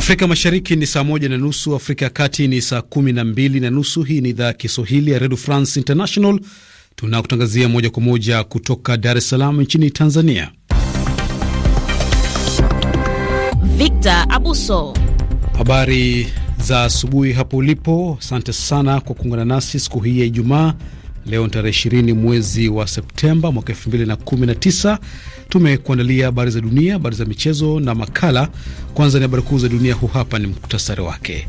Afrika Mashariki ni saa moja na nusu, Afrika ya Kati ni saa kumi na mbili na nusu. Hii ni idhaa ya Kiswahili ya Redio France International, tunakutangazia moja kwa moja kutoka Dar es Salaam nchini Tanzania. Victor Abuso, habari za asubuhi hapo ulipo. Asante sana kwa kuungana nasi siku hii ya Ijumaa Leo ni tarehe 20 mwezi wa Septemba mwaka 2019. Tumekuandalia habari za dunia, habari za michezo na makala. Kwanza ni habari kuu za dunia, huu hapa ni muktasari wake.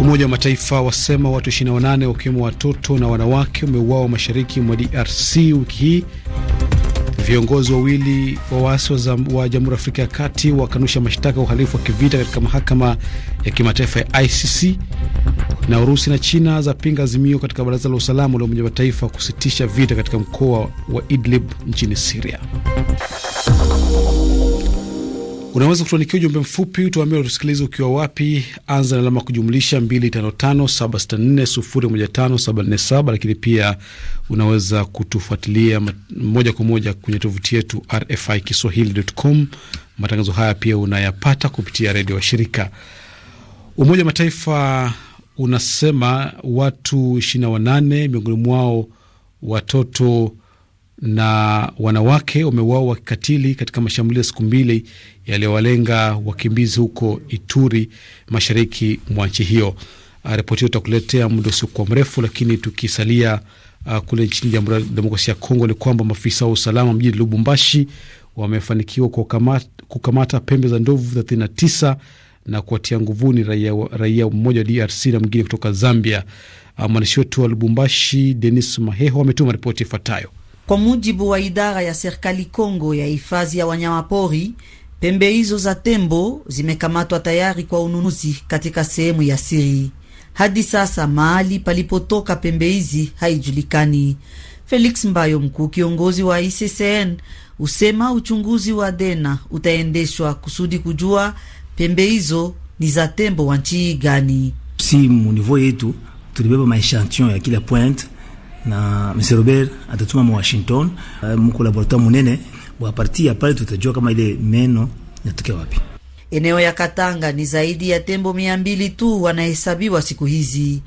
Umoja wa Mataifa wasema watu 28 wakiwemo watoto na wanawake wameuawa mashariki mwa DRC wiki hii. Viongozi wawili wa waasi wa Jamhuri ya Afrika ya Kati wakanusha mashtaka ya uhalifu wa kivita katika mahakama ya kimataifa ya ICC. Na Urusi na China zapinga azimio katika Baraza la Usalama la Umoja wa Mataifa kusitisha vita katika mkoa wa Idlib nchini Siria. Unaweza kutuandikia ujumbe mfupi utuambia utusikilizi ukiwa wapi, anza na alama kujumlisha 255764015747 lakini pia unaweza kutufuatilia moja kwa moja kwenye tovuti yetu RFI Kiswahili.com. Matangazo haya pia unayapata kupitia redio wa shirika. Umoja wa Mataifa unasema watu 28 miongoni mwao watoto na wanawake wameuawa wakikatili katika mashambulio ya siku mbili yaliyowalenga wakimbizi huko Ituri, mashariki mwa nchi hiyo. Ah, ripoti hiyo tutakuletea muda usiokuwa mrefu, lakini tukisalia uh, kule nchini Jamhuri ya Demokrasia ya Kongo ni kwamba maafisa wa usalama mjini Lubumbashi wamefanikiwa kukamata, kukamata pembe za ndovu 39 na kuwatia nguvuni raia, raia mmoja wa DRC na mwingine kutoka Zambia. Ah, mwandishi wetu wa Lubumbashi, Denis Maheho, ametuma ripoti ifuatayo. Kwa mujibu wa idara ya serikali Kongo ya hifadhi ya wanyamapori Pembe hizo za tembo zimekamatwa tayari kwa ununuzi katika sehemu ya siri. Hadi sasa mahali palipotoka pembe hizi haijulikani. Felix Mbayo, mkuu kiongozi wa ICCN, husema uchunguzi wa dena utaendeshwa kusudi kujua pembe hizo ni za tembo wa nchi gani. Si munivo yetu tulibeba maeshantion ya kila point na Mr. Robert atatuma euh, mu Washington mkolaborateur munene bwa parti ya pale tutajua kama ile meno inatokea wapi? Eneo ya Katanga ni zaidi ya tembo mia mbili tu wanahesabiwa siku hizi,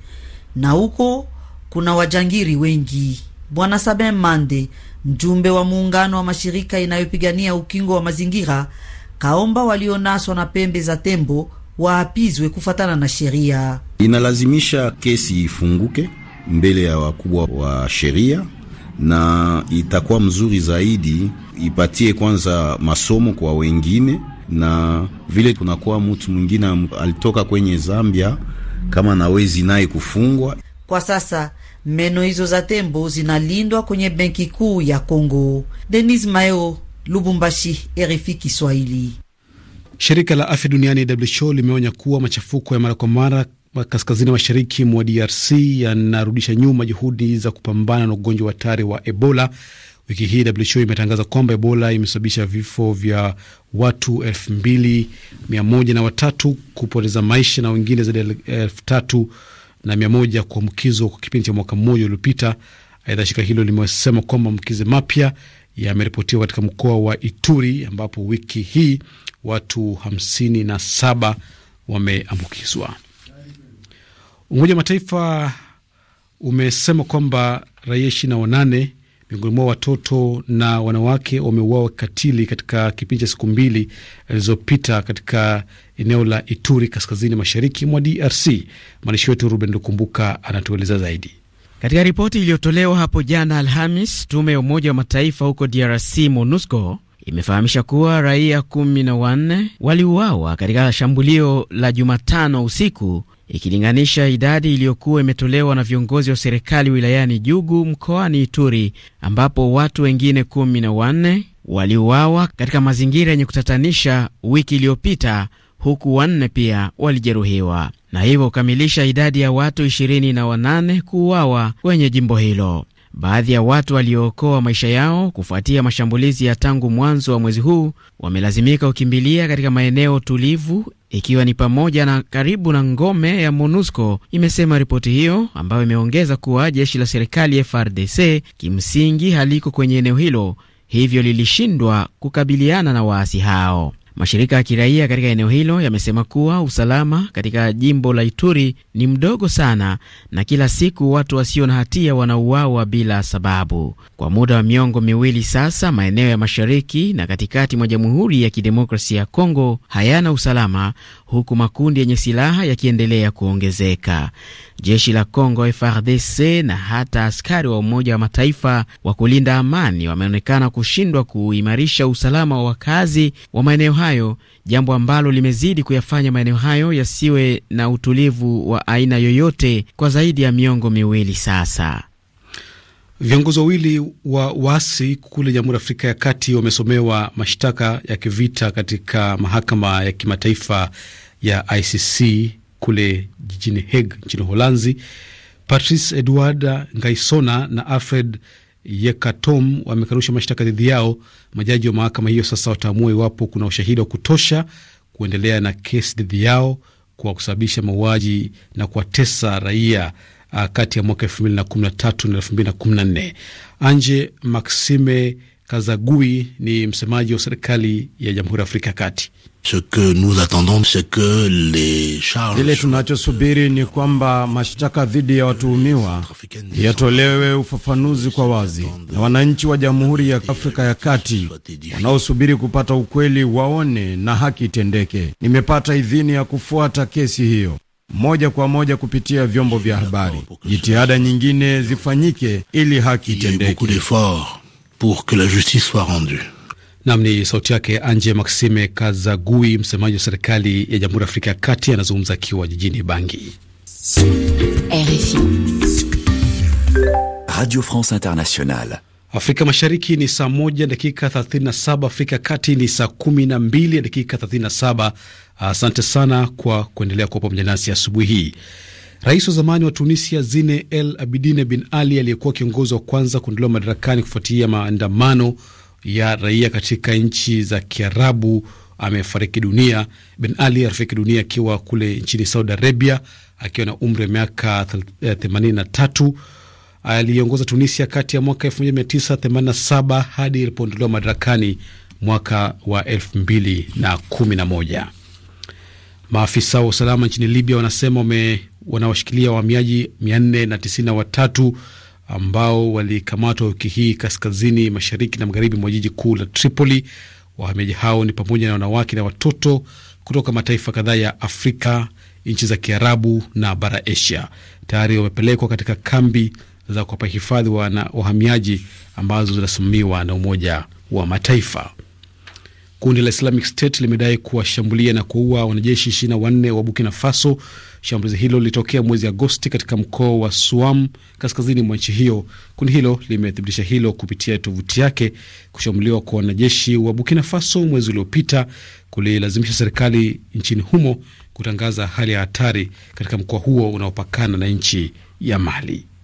na huko kuna wajangiri wengi. Bwana Sabin Mande, mjumbe wa muungano wa mashirika inayopigania ukingo wa mazingira, kaomba walionaswa na pembe za tembo waapizwe kufatana na sheria. Inalazimisha kesi ifunguke mbele ya wakubwa wa sheria na itakuwa mzuri zaidi ipatie kwanza masomo kwa wengine, na vile kunakuwa mtu mwingine alitoka kwenye Zambia kama nawezi naye kufungwa kwa sasa. Meno hizo za tembo zinalindwa kwenye benki kuu ya Kongo. Denis Mayo, Lubumbashi, RFI Kiswahili. Shirika la Afya Duniani WHO limeonya kuwa machafuko ya mara kwa mara kaskazini mashariki mwa DRC yanarudisha nyuma juhudi za kupambana na ugonjwa hatari wa Ebola. Wiki hii WHO imetangaza kwamba Ebola imesababisha vifo vya watu elfu mbili mia moja na watatu kupoteza maisha na wengine zaidi ya elfu tatu na mia moja kuambukizwa kwa kipindi cha mwaka mmoja uliopita. Aidha, shirika hilo limesema kwamba maambukizi mapya yameripotiwa katika mkoa wa Ituri ambapo wiki hii watu hamsini na saba wameambukizwa. Umoja wa Mataifa umesema kwamba raia ishirini na wanane miongoni mwa watoto na wanawake wameuawa kikatili katika kipindi cha siku mbili zilizopita katika eneo la Ituri kaskazini mashariki mwa DRC. Mwandishi wetu Ruben Lukumbuka anatueleza zaidi. Katika ripoti iliyotolewa hapo jana Alhamis, tume ya Umoja wa Mataifa huko DRC MONUSCO imefahamisha kuwa raia kumi na wanne waliuawa katika shambulio la Jumatano usiku ikilinganisha idadi iliyokuwa imetolewa na viongozi wa serikali wilayani Jugu mkoani Ituri, ambapo watu wengine kumi na wanne waliuawa katika mazingira yenye kutatanisha wiki iliyopita, huku wanne pia walijeruhiwa na hivyo kukamilisha idadi ya watu ishirini na wanane kuuawa kwenye jimbo hilo. Baadhi ya watu waliookoa maisha yao kufuatia mashambulizi ya tangu mwanzo wa mwezi huu wamelazimika kukimbilia katika maeneo tulivu ikiwa ni pamoja na karibu na ngome ya MONUSCO, imesema ripoti hiyo, ambayo imeongeza kuwa jeshi la serikali FRDC kimsingi haliko kwenye eneo hilo, hivyo lilishindwa kukabiliana na waasi hao. Mashirika ya kiraia katika eneo hilo yamesema kuwa usalama katika jimbo la Ituri ni mdogo sana na kila siku watu wasio na hatia wanauawa bila sababu. Kwa muda wa miongo miwili sasa, maeneo ya mashariki na katikati mwa Jamhuri ya Kidemokrasia ya Kongo hayana usalama, huku makundi yenye silaha yakiendelea kuongezeka. Jeshi la Kongo FRDC na hata askari wa Umoja wa Mataifa wa kulinda amani wameonekana kushindwa kuimarisha usalama wa wakazi wa maeneo hayo, jambo ambalo limezidi kuyafanya maeneo hayo yasiwe na utulivu wa aina yoyote kwa zaidi ya miongo miwili sasa. Viongozi wawili wa waasi kule Jamhuri ya Afrika ya Kati wamesomewa mashtaka ya kivita katika mahakama ya kimataifa ya ICC kule jijini Hague nchini Holanzi. Patrice Edward Ngaisona na Alfred Yekatom wamekanusha mashtaka dhidi yao. Majaji wa mahakama hiyo sasa wataamua iwapo kuna ushahidi wa kutosha kuendelea na kesi dhidi yao kwa kusababisha mauaji na kuwatesa raia ah, kati ya mwaka elfu na kumi na tatu na na kumi na nne. Anje Maxime Kazagui ni msemaji wa serikali ya Jamhuri ya Afrika ya Kati. Kile tunachosubiri ni kwamba mashtaka dhidi ya watuhumiwa yatolewe ufafanuzi kwa wazi, na wananchi wa Jamhuri ya Afrika ya Kati wanaosubiri kupata ukweli waone na haki itendeke. Nimepata idhini ya kufuata kesi hiyo moja kwa moja kupitia vyombo vya habari. Jitihada nyingine zifanyike ili haki itendeke. Nam ni sauti yake Anje Maxime Kazagui, msemaji wa serikali ya Jamhuri ya Afrika ya Kati, anazungumza akiwa jijini Bangi. RFI, Radio France Internationale. Afrika Mashariki ni saa moja dakika 37, Afrika Kati ni saa mbili dakika 37. Asante sana kwa kuendelea kuwa pamoja nasi asubuhi hii. Rais wa zamani wa Tunisia Zine El Abidine Bin Ali aliyekuwa kiongozi wa kwanza kuondolewa madarakani kufuatia maandamano ya raia katika nchi za Kiarabu amefariki dunia. Ben Ali alifariki dunia akiwa kule nchini Saudi Arabia akiwa na umri wa miaka 83. Eh, Aliongoza Tunisia kati ya mwaka 1987 hadi ilipoondolewa madarakani mwaka wa 2011. Maafisa wa usalama nchini Libya wanasema wanawashikilia wahamiaji 493 ambao walikamatwa wiki hii kaskazini mashariki na magharibi mwa jiji kuu la Tripoli. Wahamiaji hao ni pamoja na wanawake na watoto kutoka mataifa kadhaa ya Afrika, nchi za Kiarabu na bara Asia. Tayari wamepelekwa katika kambi za kuwapa hifadhi wana wahamiaji ambazo zinasimamiwa na Umoja wa Mataifa. Kundi la Islamic State limedai kuwashambulia na kuua wanajeshi ishirini na wanne wa Burkina Faso Shambulizi hilo lilitokea mwezi Agosti katika mkoa wa Suam, kaskazini mwa nchi hiyo. Kundi hilo limethibitisha hilo kupitia tovuti yake. Kushambuliwa kwa wanajeshi wa Burkina Faso mwezi uliopita kulilazimisha serikali nchini humo kutangaza hali ya hatari katika mkoa huo unaopakana na nchi ya Mali.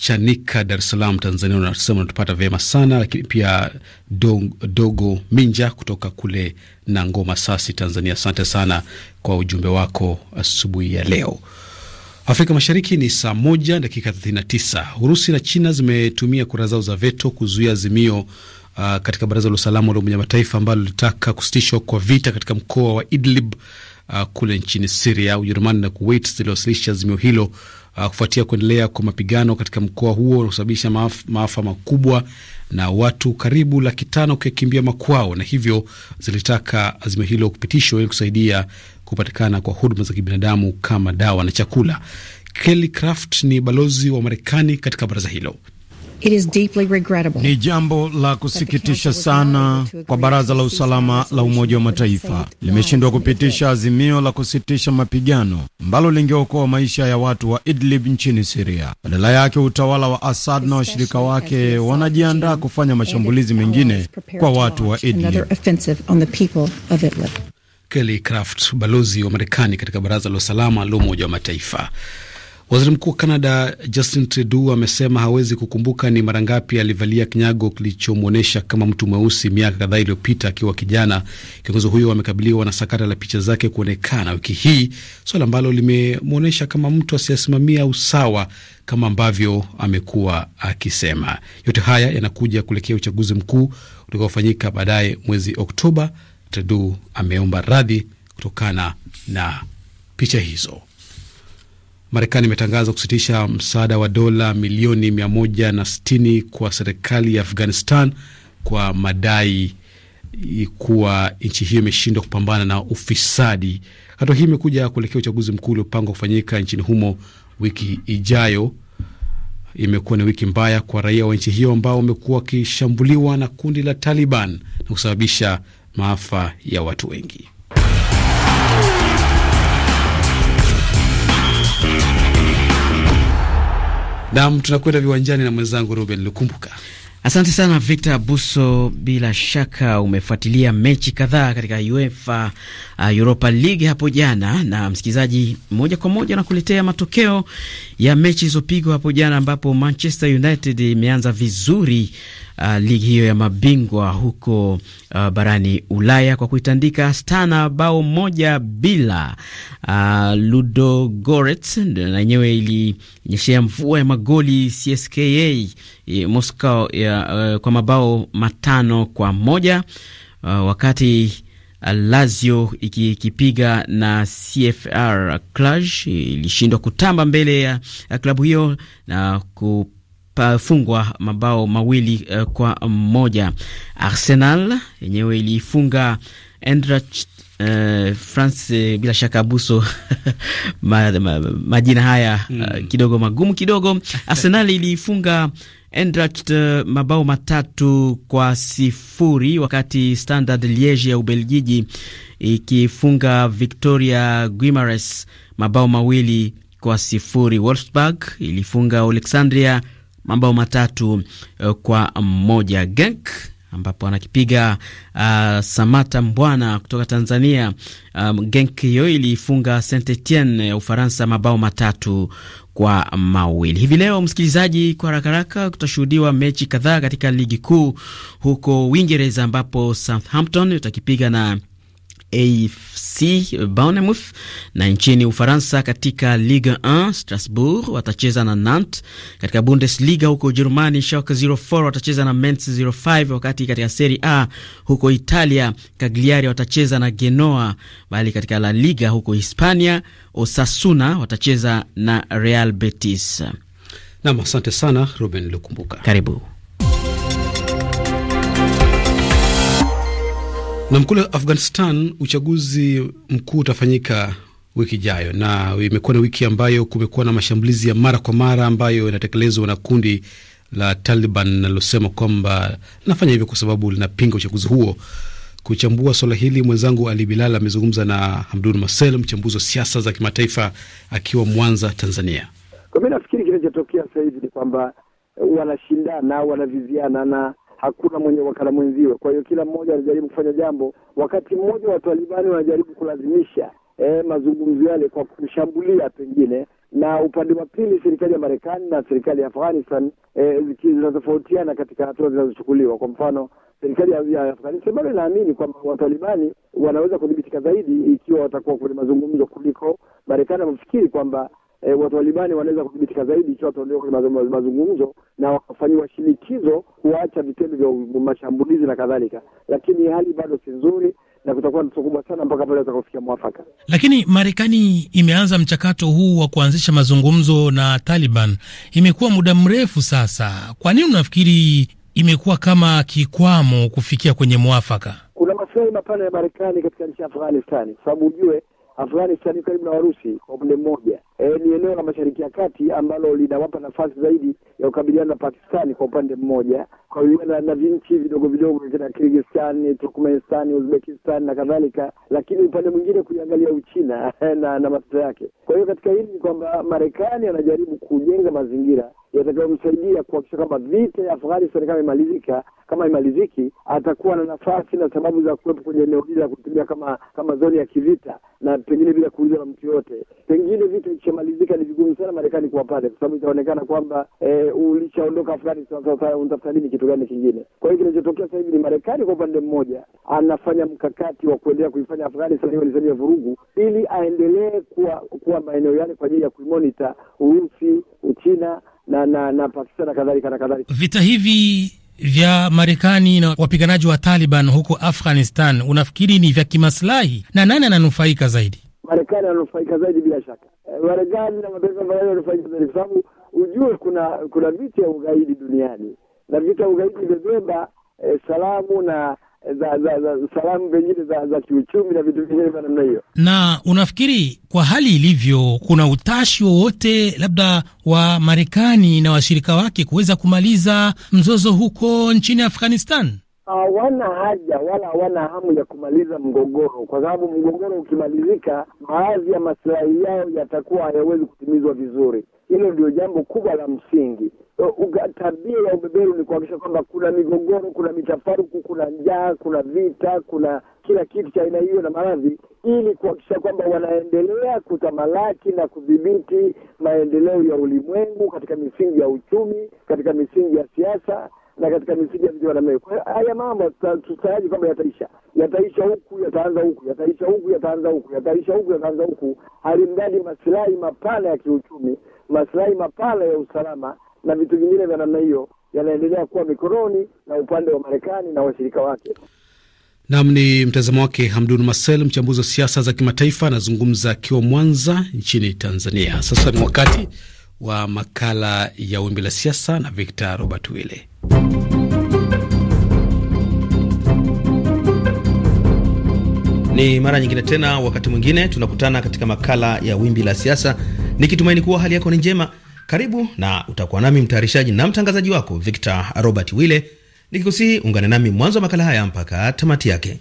Chanika, Dar es Salaam, Tanzania, unasema unatupata vyema sana, lakini pia Dogo, Minja kutoka kule na Ngoma Sasi, Tanzania, asante sana kwa ujumbe wako asubuhi ya leo. Afrika Mashariki ni saa moja dakika 39. Urusi na China zimetumia kura zao za veto kuzuia azimio uh, katika Baraza la Usalama la Umoja Mataifa ambalo lilitaka kusitishwa kwa vita katika mkoa wa Idlib uh, kule nchini Siria. Ujerumani na Kuwait ziliwasilisha azimio hilo uh, kufuatia kuendelea kwa mapigano katika mkoa huo kusababisha maaf, maafa makubwa na watu karibu laki tano kukimbia makwao, na hivyo zilitaka azimio hilo kupitishwa ili kusaidia kupatikana kwa huduma za kibinadamu kama dawa na chakula. Kelly Craft ni balozi wa Marekani katika baraza hilo. It is deeply regrettable. Ni jambo la kusikitisha sana kwa Baraza la Usalama la Umoja wa Mataifa limeshindwa kupitisha azimio la kusitisha mapigano ambalo lingeokoa maisha ya watu wa Idlib nchini Siria. Badala yake, utawala wa Assad na washirika wake wanajiandaa kufanya mashambulizi mengine kwa watu wa Idlib. Kelly Craft, balozi wa Marekani katika Baraza la Usalama la Umoja wa Mataifa. Waziri Mkuu wa Canada Justin Trudeau amesema hawezi kukumbuka ni mara ngapi alivalia kinyago kilichomwonyesha kama mtu mweusi miaka kadhaa iliyopita akiwa kijana. Kiongozi huyo amekabiliwa na sakata la picha zake kuonekana wiki hii, swala ambalo limemwonyesha kama mtu asiyesimamia usawa kama ambavyo amekuwa akisema. Yote haya yanakuja kuelekea uchaguzi mkuu utakaofanyika baadaye mwezi Oktoba. Trudeau ameomba radhi kutokana na picha hizo. Marekani imetangaza kusitisha msaada wa dola milioni 160 kwa serikali ya Afghanistan kwa madai kuwa nchi hiyo imeshindwa kupambana na ufisadi. Hatua hii imekuja kuelekea uchaguzi mkuu uliopangwa kufanyika nchini humo wiki ijayo. Imekuwa ni wiki mbaya kwa raia wa nchi hiyo ambao wamekuwa wakishambuliwa na kundi la Taliban na kusababisha maafa ya watu wengi. Nam, tunakwenda viwanjani na mwenzangu Ruben Lukumbuka. Asante sana Victor Buso, bila shaka umefuatilia mechi kadhaa katika UEFA uh, Europa League hapo jana, na msikilizaji, moja kwa moja nakuletea matokeo ya mechi zilizopigwa hapo jana, ambapo Manchester United imeanza vizuri uh, ligi hiyo ya mabingwa huko uh, barani Ulaya kwa kuitandika Astana bao moja bila. Uh, ah, Ludo na yenyewe ilinyeshea mvua ya magoli CSKA Moscow uh, kwa mabao matano kwa moja uh, wakati Lazio ikipiga na CFR Cluj ilishindwa kutamba mbele ya klabu hiyo na ku ilifungwa mabao mawili uh, kwa mmoja. Arsenal yenyewe ilifunga Eintracht Uh, France eh, bila shaka buso ma, ma, majina haya mm. uh, kidogo magumu kidogo. Arsenal ilifunga Eintracht uh, mabao matatu kwa sifuri wakati Standard Liege ya Ubelgiji ikifunga Victoria Guimares mabao mawili kwa sifuri. Wolfsburg ilifunga Alexandria mabao matatu uh, kwa mmoja Genk ambapo anakipiga uh, Samata Mbwana kutoka Tanzania. Um, Genk hiyo iliifunga Saint Etienne ya Ufaransa mabao matatu kwa mawili. Hivi leo msikilizaji, kwa haraka haraka, kutashuhudiwa mechi kadhaa katika ligi kuu huko Uingereza, ambapo Southampton itakipiga na AFC Bournemouth, na nchini Ufaransa katika Ligue 1 Strasbourg watacheza na Nantes. Katika Bundesliga huko Ujerumani Schalke 04 watacheza na Mainz 05, wakati katika Serie A huko Italia Cagliari watacheza na Genoa, bali katika La Liga huko Hispania Osasuna watacheza na Real Betis. Nam, asante sana Ruben Lukumbuka, karibu. Na mkule Afghanistan, uchaguzi mkuu utafanyika wiki ijayo, na imekuwa ni wiki ambayo kumekuwa na mashambulizi ya mara kwa mara ambayo yanatekelezwa na kundi la Taliban linalosema kwamba linafanya hivyo kwa sababu linapinga uchaguzi huo. Kuchambua swala hili, mwenzangu Ali Bilal amezungumza na Hamdun Masel, mchambuzi wa siasa za kimataifa akiwa Mwanza, Tanzania. Kwa mi nafikiri kinachotokea sahizi ni kwamba eh, wanashindana, wanaviziana na hakuna mwenye wakala mwenziwe. Kwa hiyo kila mmoja anajaribu kufanya jambo, wakati mmoja wa Talibani wanajaribu kulazimisha eh, mazungumzo yale kwa kushambulia pengine na upande wa pili serikali ya Marekani na serikali ya Afghanistan eh, zinatofautiana katika hatua zinazochukuliwa. Kwa mfano, serikali ya Afghanistan bado inaamini kwamba watalibani wanaweza kudhibitika zaidi ikiwa watakuwa kwenye mazungumzo kuliko Marekani. Wamefikiri kwamba e, watu wa Libani wanaweza kudhibitika zaidi ikiwa wataondoka kwenye mazungumzo na wakafanyiwa shinikizo kuacha vitendo vya mashambulizi na kadhalika, lakini hali bado si nzuri na kutakuwa ndoto kubwa sana mpaka pale watakapofikia mwafaka. Lakini Marekani imeanza mchakato huu wa kuanzisha mazungumzo na Taliban, imekuwa muda mrefu sasa. Kwa nini unafikiri imekuwa kama kikwamo kufikia kwenye mwafaka? Kuna maslahi mapana ya Marekani katika nchi ya Afghanistani, kwa sababu ujue Afghanistani karibu na Warusi kwa upande mmoja e, ni eneo la Mashariki ya Kati ambalo linawapa nafasi zaidi ya kukabiliana na Pakistani kwa upande mmoja, hiyo na vinchi vidogo vidogo kina Kirgistani, Turkmenistan, Uzbekistan na kadhalika, lakini upande mwingine kuiangalia Uchina eh, na, na matatizo yake. Kwa hiyo katika hili ni kwamba Marekani anajaribu kujenga mazingira yatakayomsaidia kuhakikisha kwamba vita ya Afghanistan kama imalizika kama imaliziki, atakuwa na nafasi na sababu za kuwepo kwenye eneo hili la kutumia kama kama zoni ya kivita, na pengine bila kuuliza na mtu yoyote, pengine vita ikimalizika ni vigumu sana Marekani kuwa pale, kwa sababu itaonekana kwamba e, ulishaondoka Afghanistan, sasa unatafuta nini, kitu gani kingine? Kwa hiyo kinachotokea sasa hivi ni Marekani kwa upande mmoja anafanya mkakati wa kuendelea kuifanya Afghanistan iwe ni sehemu ya vurugu, ili aendelee kuwa kuwa maeneo yale kwa ajili ya kuimonita Urusi, Uchina na na na Pakistan na kadhalika na kadhalika. Vita hivi vya Marekani na wapiganaji wa Taliban huko Afghanistan unafikiri ni vya kimaslahi, na nani ananufaika zaidi? Marekani ananufaika zaidi bila shaka, Marekani na mataifa walifanya yanafanya kwa sababu ujue kuna kuna vita ya ugaidi duniani na vita ya ugaidi imebeba e, salamu na eh, za, za, za salamu vingine za, za kiuchumi na vitu vingine vya namna hiyo. Na unafikiri kwa hali ilivyo, kuna utashi wowote labda wa Marekani na washirika wake kuweza kumaliza mzozo huko nchini Afghanistan? hawana haja wala hawana hamu ya kumaliza mgogoro, kwa sababu mgogoro ukimalizika, baadhi ya masilahi yao yatakuwa hayawezi kutimizwa vizuri. Hilo ndio jambo kubwa la msingi. Tabia ya ubeberu ni kuhakikisha kwamba kuna migogoro, kuna mitafaruku, kuna njaa, kuna vita, kuna kila kitu cha aina hiyo na maradhi, ili kuhakikisha kwamba wanaendelea kutamalaki na kudhibiti maendeleo ya ulimwengu katika misingi ya uchumi, katika misingi ya siasa na katika misingi ya mji wa Namna. Kwa hiyo haya mambo tutaaji kwamba yataisha, yataisha huku yataanza huku, yataisha huku yataanza huku, yataisha huku yataanza huku, halimradi masilahi mapana ya kiuchumi, masilahi mapana ya usalama na vitu vingine vya namna hiyo yanaendelea kuwa mikononi na upande wa Marekani na washirika wake. Nam ni mtazamo wake Hamdun Masel, mchambuzi wa siasa za kimataifa, anazungumza akiwa Mwanza nchini Tanzania. Sasa ni wakati wa makala ya Wimbi la Siasa na Victor Robert Wille. Ni mara nyingine tena, wakati mwingine tunakutana katika makala ya Wimbi la Siasa, nikitumaini kuwa hali yako ni njema. Karibu na utakuwa nami mtayarishaji na mtangazaji wako Victor Robert Wille, nikikusihi ungane nami mwanzo wa makala haya mpaka tamati yake.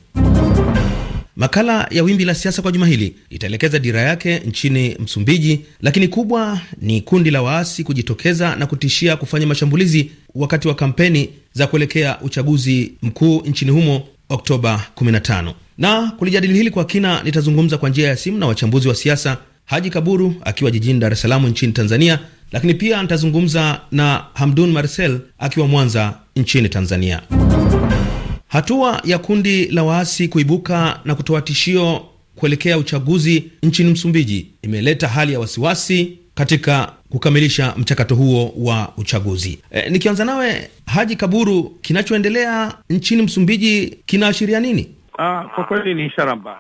Makala ya Wimbi la Siasa kwa juma hili itaelekeza dira yake nchini Msumbiji, lakini kubwa ni kundi la waasi kujitokeza na kutishia kufanya mashambulizi wakati wa kampeni za kuelekea uchaguzi mkuu nchini humo Oktoba 15. Na kulijadili hili kwa kina, nitazungumza kwa njia ya simu na wachambuzi wa siasa, Haji Kaburu akiwa jijini Dar es Salaam nchini Tanzania, lakini pia nitazungumza na Hamdun Marcel akiwa Mwanza nchini Tanzania. Hatua ya kundi la waasi kuibuka na kutoa tishio kuelekea uchaguzi nchini Msumbiji imeleta hali ya wasiwasi katika kukamilisha mchakato huo wa uchaguzi. E, nikianza nawe Haji Kaburu, kinachoendelea nchini Msumbiji kinaashiria nini? Ah, kwa kweli ni ishara mbaya,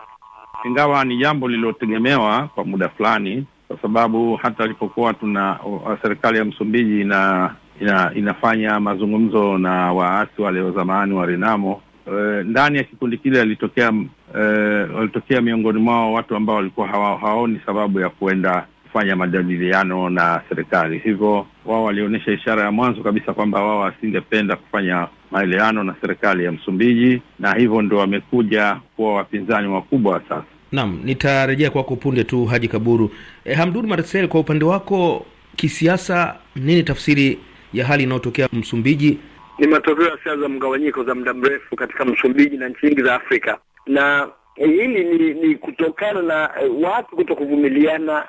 ingawa ni jambo lililotegemewa kwa muda fulani, kwa sababu hata alipokuwa tuna serikali ya Msumbiji na ina, inafanya mazungumzo na waasi wale zamani wa Renamo. E, ndani ya kikundi kile walitokea e, eh, walitokea miongoni mwao watu ambao walikuwa hawa, hawaoni sababu ya kuenda kufanya majadiliano na serikali, hivyo wao walionyesha ishara ya mwanzo kabisa kwamba wao wasingependa kufanya maelewano na serikali ya Msumbiji, na hivyo ndo wamekuja kuwa wapinzani wakubwa sasa. Naam, nitarejea kwako punde tu Haji Kaburu. E, Hamdun Marsel, kwa upande wako kisiasa, nini tafsiri ya hali inayotokea Msumbiji? Ni matokeo ya siasa za mgawanyiko za muda mrefu katika Msumbiji na nchi nyingi za Afrika, na eh, hili ni, ni kutokana na eh, watu kuto kuvumiliana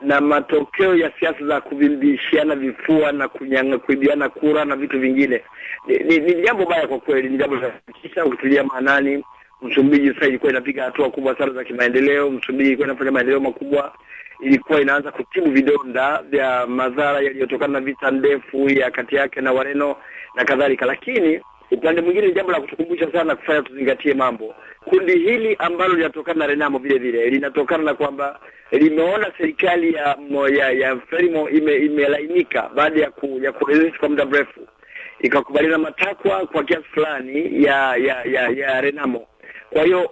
na matokeo ya siasa za kuvimbishiana vifua na kunyanga kuibiana kura na vitu vingine. Ni jambo baya kwa kweli, ni jambo la kusikitisha ukitilia maanani Msumbiji sasa ilikuwa inapiga hatua kubwa sana za kimaendeleo. Msumbiji ilikuwa inafanya maendeleo makubwa, ilikuwa inaanza kutibu vidonda vya madhara yaliyotokana na vita ndefu ya kati yake na Wareno na kadhalika. Lakini upande mwingine ni jambo la kutukumbusha sana kufanya tuzingatie mambo. Kundi hili ambalo linatokana na Renamo vile vile linatokana na kwamba limeona serikali ya ya, ya Frelimo imelainika ime baada ya ku, ya kuresist kwa muda mrefu, ikakubaliana matakwa kwa kiasi fulani ya ya, ya ya Renamo. Kwa hiyo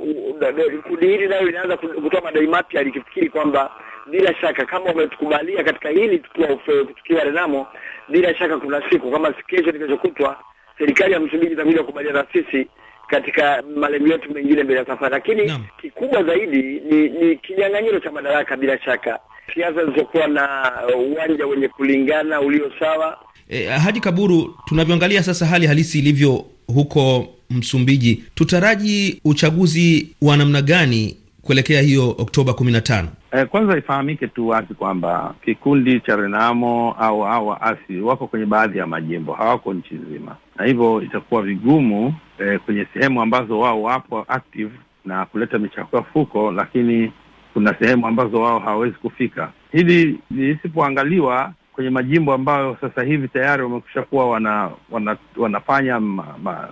kundi hili nayo linaanza kutoa madai mapya likifikiri kwamba bila shaka kama umetukubalia katika hili tukiwa eh, tukiwa Renamo, bila shaka kuna siku kama kesho nikeshokutwa serikali ya Msumbiji itakuja kukubaliana na sisi katika malengo yetu mengine mbele ya safari, lakini no. kikubwa zaidi ni, ni kinyang'anyiro cha madaraka, bila shaka siasa zilizokuwa na uwanja wenye kulingana ulio sawa. E, Haji Kaburu, tunavyoangalia sasa hali halisi ilivyo huko Msumbiji, tutaraji uchaguzi wa namna gani kuelekea hiyo Oktoba kumi na tano? Eh, kwanza ifahamike tu wazi kwamba kikundi cha Renamo au au waasi wako kwenye baadhi ya majimbo, hawako nchi nzima, na hivyo itakuwa vigumu eh, kwenye sehemu ambazo wao wapo active na kuleta michafuko, lakini kuna sehemu ambazo wao hawawezi kufika. Hili lisipoangaliwa kwenye majimbo ambayo sasa hivi tayari wamekusha kuwa wana, wana, wanafanya ma, ma,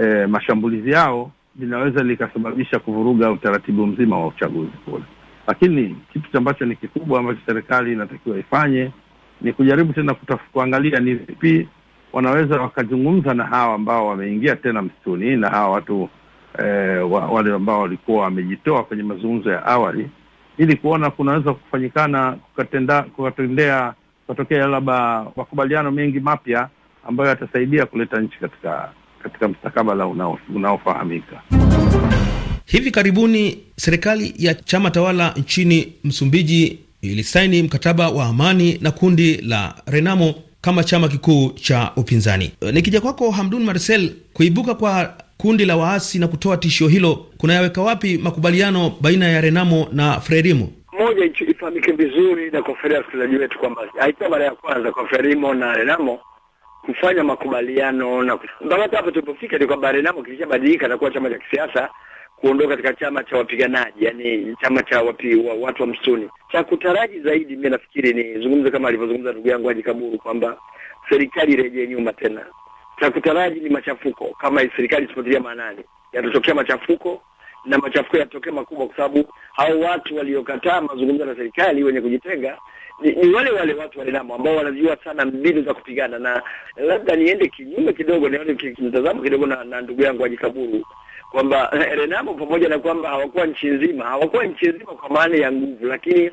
eh, mashambulizi yao, linaweza likasababisha kuvuruga utaratibu mzima wa uchaguzi kule. Lakini kitu ambacho ni kikubwa ambacho serikali inatakiwa ifanye ni kujaribu tena kutaf, kuangalia ni vipi wanaweza wakazungumza na hawa ambao wameingia tena msituni na hawa watu eh, wa, wale ambao walikuwa wamejitoa kwenye mazungumzo ya awali ili kuona kunaweza kufanyikana kukatendea kukatokea labda makubaliano mengi mapya ambayo yatasaidia kuleta nchi katika katika mstakabala unaofahamika. Hivi karibuni serikali ya chama tawala nchini Msumbiji ilisaini mkataba wa amani na kundi la Renamo kama chama kikuu cha upinzani. Nikija kwako Hamdun Marcel, kuibuka kwa kundi la waasi na kutoa tishio hilo kunayaweka wapi makubaliano baina ya Renamo na Frelimo? Moja, ifahamike vizuri na kuwafalia wasikilizaji wetu kwamba haikuwa mara ya kwanza kwa Frelimo na Renamo kufanya makubaliano na mpaka hapa tulipofika ni kwamba Renamo kilishabadilika na kuwa chama cha kisiasa kuondoka katika chama cha wapiganaji, yani chama cha wapi, wa, watu wa msituni. Cha kutaraji zaidi, mimi nafikiri ni zungumze kama alivyozungumza ndugu yangu Haji Kaburu kwamba serikali irejee nyuma tena. Cha kutaraji ni machafuko, kama serikali isipotilia maanani, yatatokea machafuko na machafuko yatokea makubwa, kwa sababu hao watu waliokataa mazungumzo na serikali wenye kujitenga ni, ni wale wale watu wale namo ambao wanajua sana mbinu za kupigana. Na labda niende kinyume kidogo, nione kimtazamo kidogo na, na ndugu yangu Haji Kaburu kwamba eh, Renamo pamoja na kwamba hawakuwa nchi nzima, hawakuwa nchi nzima kwa maana ya nguvu, lakini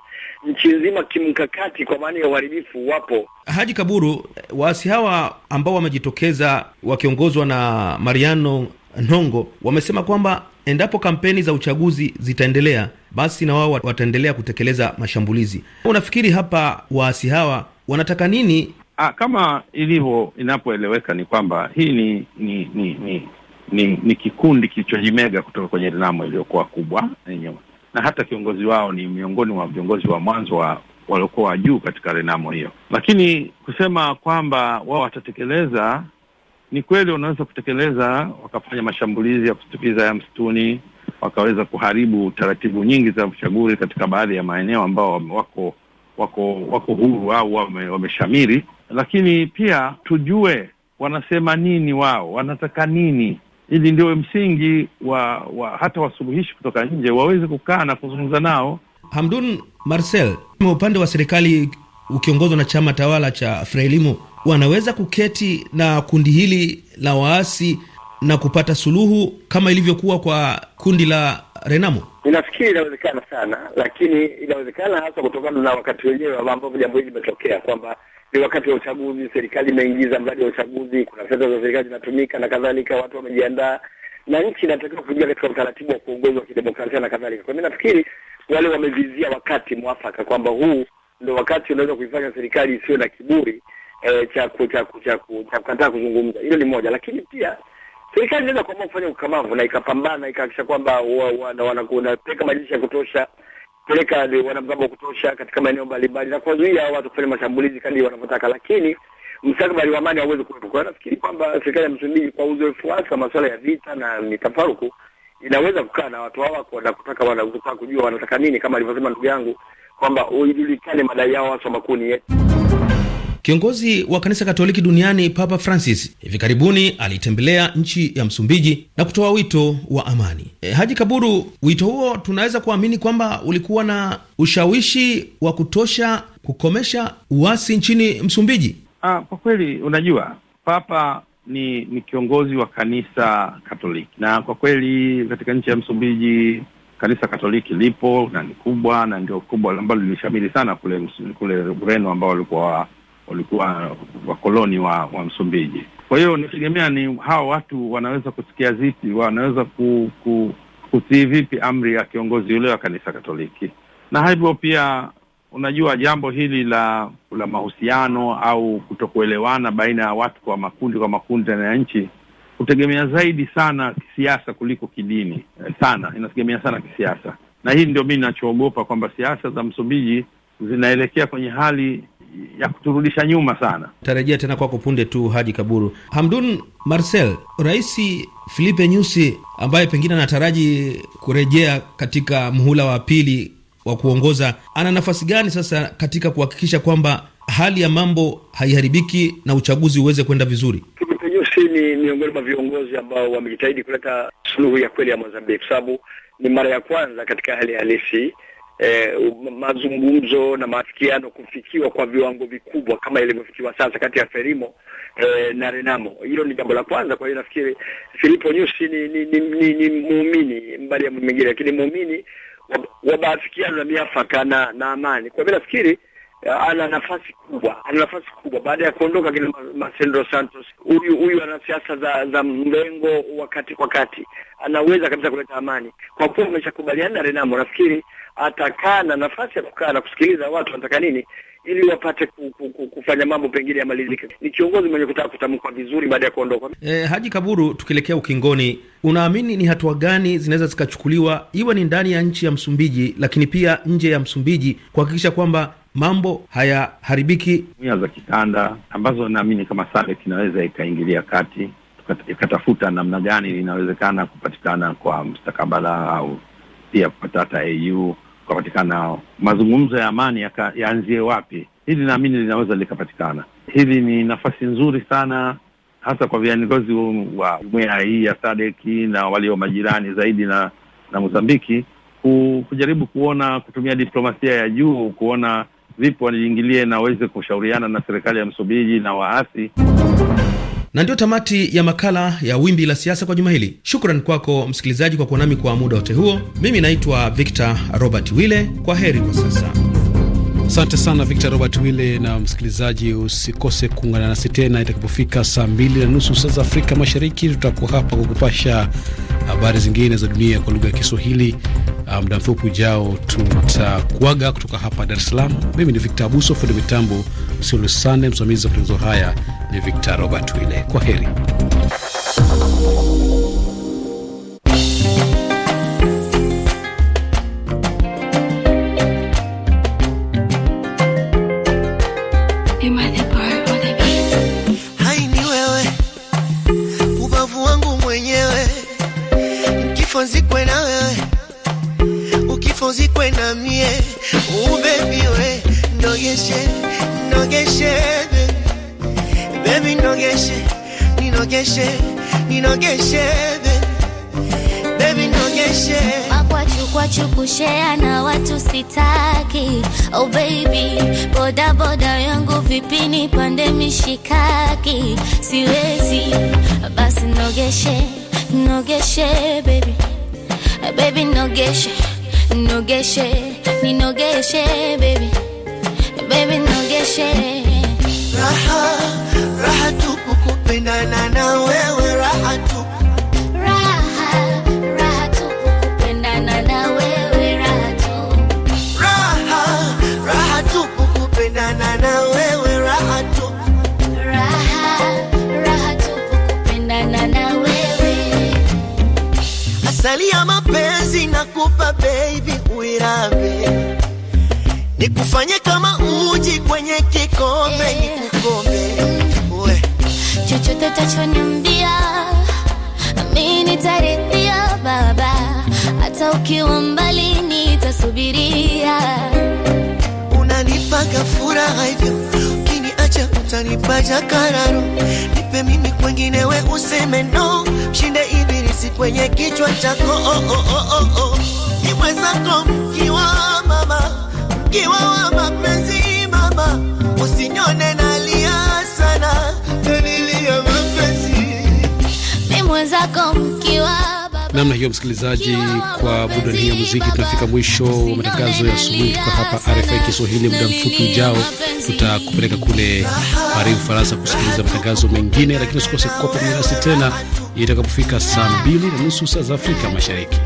nchi nzima kimkakati kwa maana ya uharibifu wapo. Haji Kaburu, waasi hawa ambao wamejitokeza wakiongozwa na Mariano nongo wamesema kwamba endapo kampeni za uchaguzi zitaendelea, basi na wao wataendelea kutekeleza mashambulizi. Unafikiri hapa waasi hawa wanataka nini? Ah, kama ilivyo inapoeleweka ni kwamba hii ni, ni, ni, ni ni, ni kikundi kilichojimega kutoka kwenye Dinamo iliyokuwa kubwa yenyewe, na hata kiongozi wao ni miongoni mwa viongozi wa mwanzo wa waliokuwa wa juu katika Dinamo hiyo. Lakini kusema kwamba wao watatekeleza, ni kweli wanaweza kutekeleza, wakafanya mashambulizi ya kustukiza ya msituni, wakaweza kuharibu taratibu nyingi za uchaguzi katika baadhi ya maeneo ambao wako wako wako huru au wame, wameshamiri. Lakini pia tujue wanasema nini wao, wanataka nini ili ndio msingi wa, wa hata wasuluhishi kutoka nje waweze kukaa na kuzungumza nao. Hamdun Marcel, upande wa serikali ukiongozwa na chama tawala cha Frelimo wanaweza kuketi na kundi hili la waasi na kupata suluhu kama ilivyokuwa kwa kundi la Renamo? Ninafikiri inawezekana sana, lakini inawezekana hasa kutokana na wakati wenyewe ambao jambo hili limetokea kwamba ni wakati wa uchaguzi, serikali imeingiza mradi wa uchaguzi, kuna fedha za serikali zinatumika na kadhalika, watu wamejiandaa na nchi inatakiwa kuingia katika utaratibu wa kuongozwa kidemokrasia na kadhalika. Kwa mimi nafikiri wale wamevizia wakati mwafaka kwamba huu ndio wakati unaweza kuifanya serikali isiyo na kiburi e, cha kukataa kuzungumza. Hilo ni moja, lakini pia serikali inaweza kuamua kufanya ukamavu na ikapambana ikahakikisha kwamba wanapeleka majeshi ya kutosha kupeleka wanamgambo wa kutosha katika maeneo mbalimbali na kuwazuia watu kufanya mashambulizi kadi wanavyotaka, lakini mstakabali wa amani hauwezi kuwepo. Kwa hiyo nafikiri kwamba serikali ya Msumbiji kwa uzoefu wake wa masuala ya vita na mitafaruku inaweza kukaa na watu hawa na kutaka wana kutaka kujua wanataka nini, kama alivyosema ndugu yangu kwamba ujulikane madai yao hasa makuni yetu. Kiongozi wa kanisa Katoliki duniani Papa Francis hivi karibuni alitembelea nchi ya Msumbiji na kutoa wito wa amani. E, Haji Kaburu, wito huo tunaweza kuamini kwamba ulikuwa na ushawishi wa kutosha kukomesha uasi nchini Msumbiji? Ah, kwa kweli unajua Papa ni ni kiongozi wa kanisa Katoliki na kwa kweli katika nchi ya Msumbiji kanisa Katoliki lipo na ni kubwa na ndio kubwa ambalo lilishamiri sana kule kule Ureno ambao walikuwa walikuwa wakoloni wa, wa Msumbiji. Kwa hiyo nategemea ni hawa watu wanaweza kusikia zipi, wanaweza ku, ku, kutii vipi amri ya kiongozi yule wa kanisa Katoliki, na hivyo pia unajua jambo hili la la mahusiano au kutokuelewana baina ya watu kwa makundi kwa makundi ndani ya nchi hutegemea zaidi sana kisiasa kuliko kidini eh, sana, inategemea sana kisiasa, na hii ndio mi ninachoogopa kwamba siasa za Msumbiji zinaelekea kwenye hali ya kuturudisha nyuma sana. Tarajia tena kwako punde tu, Haji Kaburu. Hamdun Marcel, Rais Filipe Nyusi ambaye pengine anataraji kurejea katika mhula wa pili wa kuongoza, ana nafasi gani sasa katika kuhakikisha kwamba hali ya mambo haiharibiki na uchaguzi uweze kwenda vizuri? Filipe Nyusi ni miongoni mwa viongozi ambao wamejitahidi kuleta suluhu ya kweli ya Mozambiki, kwa sababu ni mara ya kwanza katika hali halisi eh, um, mazungumzo na maafikiano kufikiwa kwa viwango vikubwa kama ilivyofikiwa sasa kati ya ferimo eh, na Renamo. Hilo ni jambo la kwanza. Kwa hiyo nafikiri Filipo Nyusi ni, ni, ni, ni, ni muumini mbali ya mwingine, lakini muumini wa maafikiano na miafaka na, na amani. Kwa hiyo nafikiri eh, ana nafasi kubwa, ana nafasi kubwa baada ya kuondoka kile Marcelo Santos. Huyu huyu ana siasa za za mrengo wa kati kwa kati, anaweza kabisa kuleta amani kwa kuwa ameshakubaliana na Renamo. Nafikiri atakaa na nafasi ya kukaa na kusikiliza watu wanataka nini ili wapate kufanya mambo pengine yamalizike. Ni kiongozi mwenye kutaka kutamkwa vizuri baada ya kuondoka. E, Haji Kaburu, tukielekea ukingoni, unaamini ni hatua gani zinaweza zikachukuliwa iwe ni ndani ya nchi ya Msumbiji, lakini pia nje ya Msumbiji kuhakikisha kwamba mambo hayaharibiki? Jumuiya za kikanda ambazo naamini kama SADC inaweza ikaingilia kati, ikatafuta namna gani inawezekana kupatikana kwa mstakabala au pia hata AU kukapatikana mazungumzo ya amani yaanzie ya wapi. Hili naamini linaweza likapatikana. Hili ni nafasi nzuri sana, hasa kwa viongozi wa jumuiya hii ya Sadeki na walio majirani zaidi na na Mozambiki kujaribu kuona kutumia diplomasia ya juu kuona vipi waniingilie na waweze kushauriana na serikali ya Msumbiji na waasi na ndiyo tamati ya makala ya Wimbi la Siasa kwa juma hili. Shukran kwako msikilizaji kwa kuwa nami kwa muda wote huo. Mimi naitwa Victor Robert Wille, kwa heri kwa sasa. Asante sana Victor Robert Wille. Na msikilizaji, usikose kuungana nasi tena itakapofika saa mbili na nusu saa za Afrika Mashariki. Tutakuwa hapa kukupasha habari zingine za dunia kwa lugha ya Kiswahili. Ah, muda mfupi ujao tutakuaga kutoka hapa Dar es Salaam. Mimi ni Victor Abuso, fundi mitambo Msiulusane, msimamizi wa matangazo haya ni Victor Robert Wile. Kwa heri. Hey baby, uh, baby nogeshe, nogeshe, ni nogeshe baby, uh, baby nogeshe. Raha, raha tupu kupendana na wewe raha kibabe, nikufanye kama uji kwenye kikombe, eh. Nikukombe we chochote tachoniambia, mimi nitaridhia baba, hata ukiwa mbali nitasubiria. Unanipaka furaha hivyo, ukiniacha utanipaja kararo. nipe mimi kwengine, we useme no, mshinde ibirisi kwenye kichwa chako oh, oh, oh, oh. oh, oh mwenzako, mkiwa mama, mkiwa wa mapenzi mama, usinyone nalia sana, mapenzi mwenzako mkiwa namna hiyo, msikilizaji, kwa burudani hii ya muziki tunafika mwisho wa matangazo ya asubuhi kutoka hapa RFI Kiswahili. Muda mfupi ujao, tutakupeleka kule Paris, Ufaransa, kusikiliza matangazo mengine, lakini usikose kuwa pamoja nasi tena itakapofika saa mbili na nusu saa za Afrika Mashariki.